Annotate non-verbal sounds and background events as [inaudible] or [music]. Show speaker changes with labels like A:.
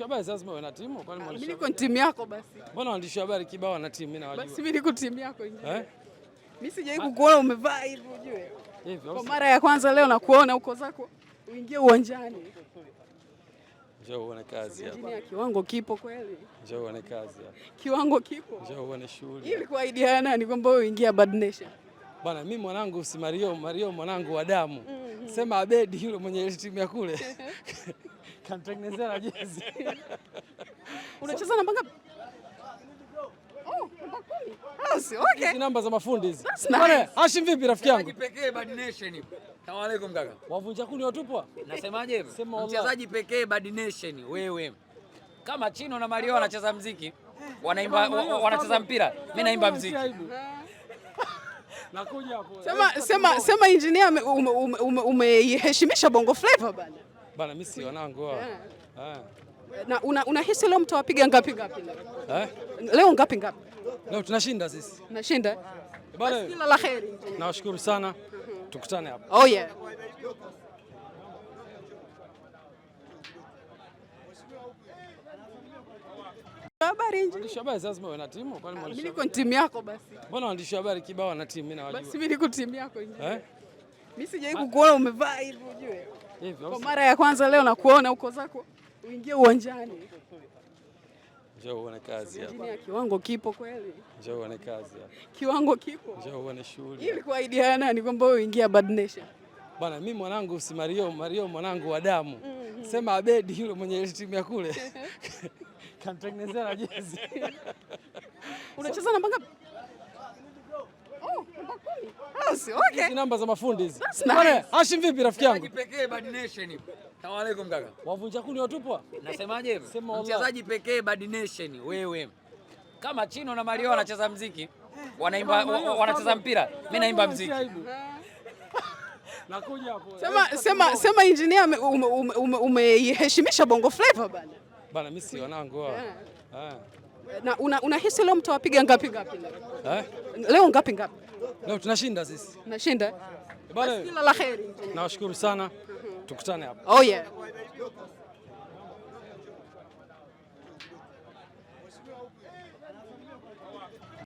A: waandishi habari lazima na timu.
B: Kwani ah, Mimi niko timu yako basi.
A: Mbona waandishi habari kibao na timu, mimi nawajua.
B: Basi mimi niko timu yako eh? Mimi sijawahi ah. kukuona umevaa hivi ujue. Kwa mara ya kwanza leo nakuona uko zako uingie uwanjani.
A: Njoo uone kazi hapa.
B: Kiwango kipo kweli.
A: Njoo uone kazi hapa.
B: Kiwango kipo.
A: Njoo uone shughuli.
B: Hii ilikuwa idea ya nani kwamba wewe uingia Bad Nation?
A: Bana, mimi mwanangu si Mario, Mario mwanangu wa damu. Mm -hmm. Sema Abedi yule mwenye timu ya kule
B: [laughs] kanitengenezea na jezi. [laughs] Unacheza namba ngapi? Oh, ah, okay.
A: Namba za mafundi hizi. Nice. Hashim, vipi rafiki yangu?
C: Pekee Bad Nation. kaka.
A: Wavunja kuni watupwa. Nasemaje? Mchezaji
C: pekee Bad Nation wewe. Kama Chino na Mario wanacheza mziki, wanaimba wanacheza mpira, mimi naimba mziki. [laughs]
B: Nakuja hapo. Sema sema sema, injinia umeiheshimisha Bongo Flava bana.
A: Bana, mimi si wanangu hao. Eh. Ah.
B: Na una, unahisi leo mtawapiga ngapi ngapi? Eh? Leo ngapi ngapi?
A: Leo tunashinda sisi.
B: Tunashinda? Bana. Kila la kheri.
A: Nawashukuru sana. Tukutane hapa.
B: Oh yeah. Habari nje.
A: Mwandishi habari na timu.
B: Kwani ah, Mimi niko timu yako basi.
A: Mbona habari kibao na timu mimi nawajua.
B: Basi mimi niko timu yako nje. Eh? Mimi kukuona umevaa ujue. Hivyo. Kwa mara ya kwanza leo na kuona huko zako uingie uwanjani.
A: Njoo uone kazi
B: hapa. kiwango kipo kweli.
A: Njoo uone kazi hapa.
B: Kiwango kipo.
A: Njoo uone shughuli.
B: Ili kwa idea nani kwamba wewe uingia Bad Nation.
A: Bana mimi mwanangu si Mario, Mario mwanangu wa damu. Mm -hmm. Sema Abedi yule mwenye timu ya kule. [laughs] Kanitengenezea jezi.
B: Unacheza namba ngapi? House. Okay. Hizi
A: namba za mafundi hizi. Bwana, Hashim vipi rafiki yangu?
C: Pekee Bad Nation hiyo. Salamu alaykum kaka.
A: Wavunja kuni watupwa.
C: Nasemaje hivi? Mchezaji pekee Bad Nation wewe. Kama Chino na Mario wanacheza mziki, wanaimba wanacheza mpira, mimi naimba mziki.
B: Nakuja hapo. Sema sema sema engineer umeiheshimisha Bongo Flava bana.
A: Bana mimi si wanangu. Ah.
B: Na unahisi una leo mtawapiga ngapi ngapi? Eh? Leo ngapi ngapi?
A: Leo tunashinda sisi.
B: Tunashinda? Bale. kila la heri.
A: Nawashukuru sana. Tukutane hapa.
B: Oh yeah.